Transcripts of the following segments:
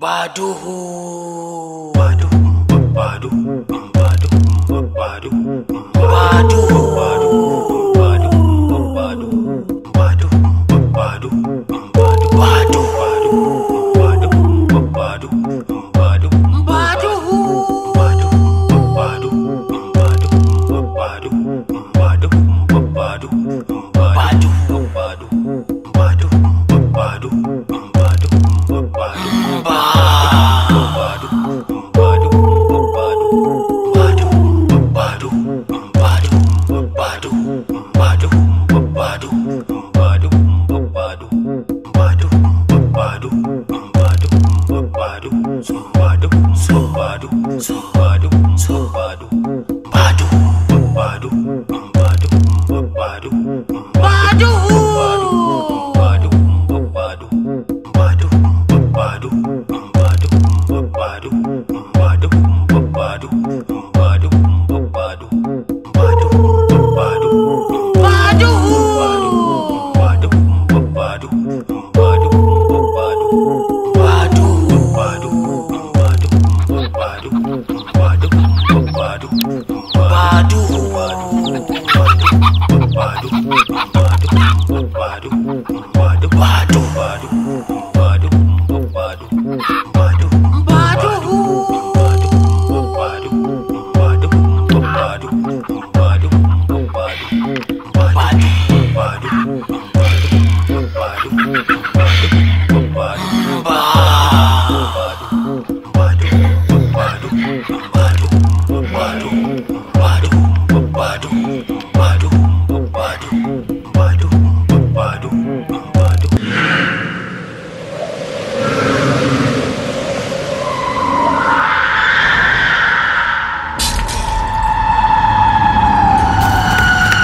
Baduhu. Baduhu. Baduhu. Baduhu. Baduhu. Baduhu.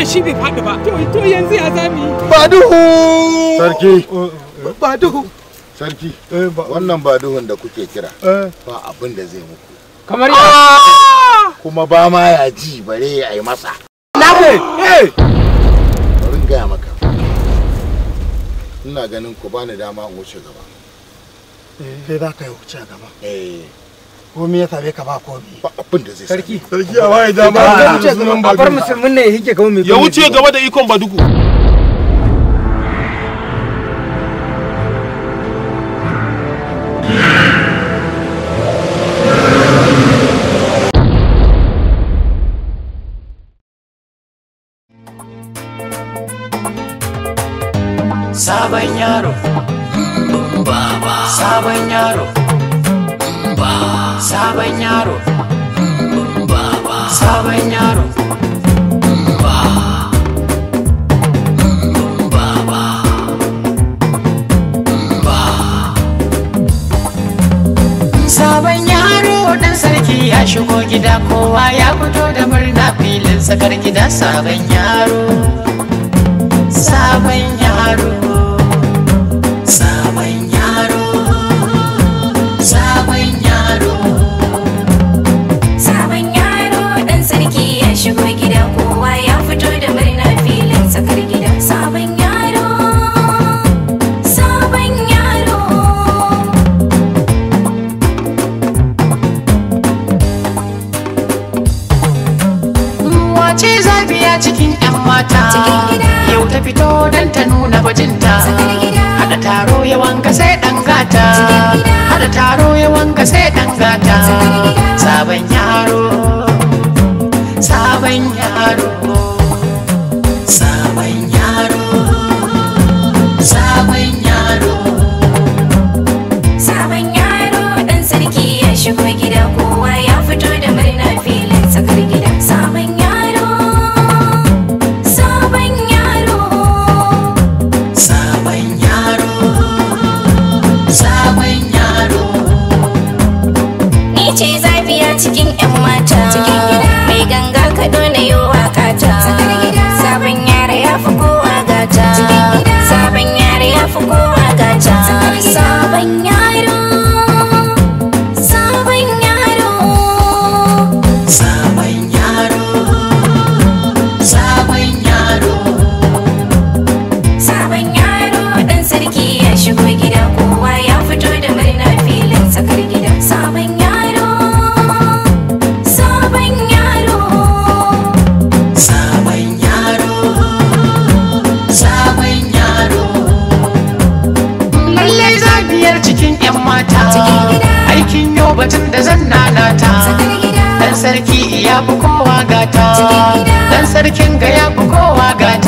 wanda shi bai faɗi ba to yanzu ya zami eh, ba duhu sarki ba sarki wannan baduhun da kuke kira eh. ba abin da zai muku kamar ya ah! kuma ba ma ya ji bare ya yi masa na eh! bari gaya maka ina ganin ku bani dama in wuce gaba kai za ka yi wuce gaba eh komi ya same ka ba ba abin da zai sarki a waye da ma wuce ba bar musulmin ne ya hike mai ya wuce gaba da ikon baduku Sabon sabon sabon yaro sabon sabon yaro sarki ya shigo gida kowa ya fito da murna filin sakar gida sabon yaro sabon yaro cikin 'yan mata yau ta fito don ta nuna bajinta hada taro yawan ka sai dan gata hada taro yawan ka sai dan gata sabon yaro kaɗo sabon aikin yau batun da zan nanata dan sarki iya kowa gata dan sarkin ga ya fi kowa gata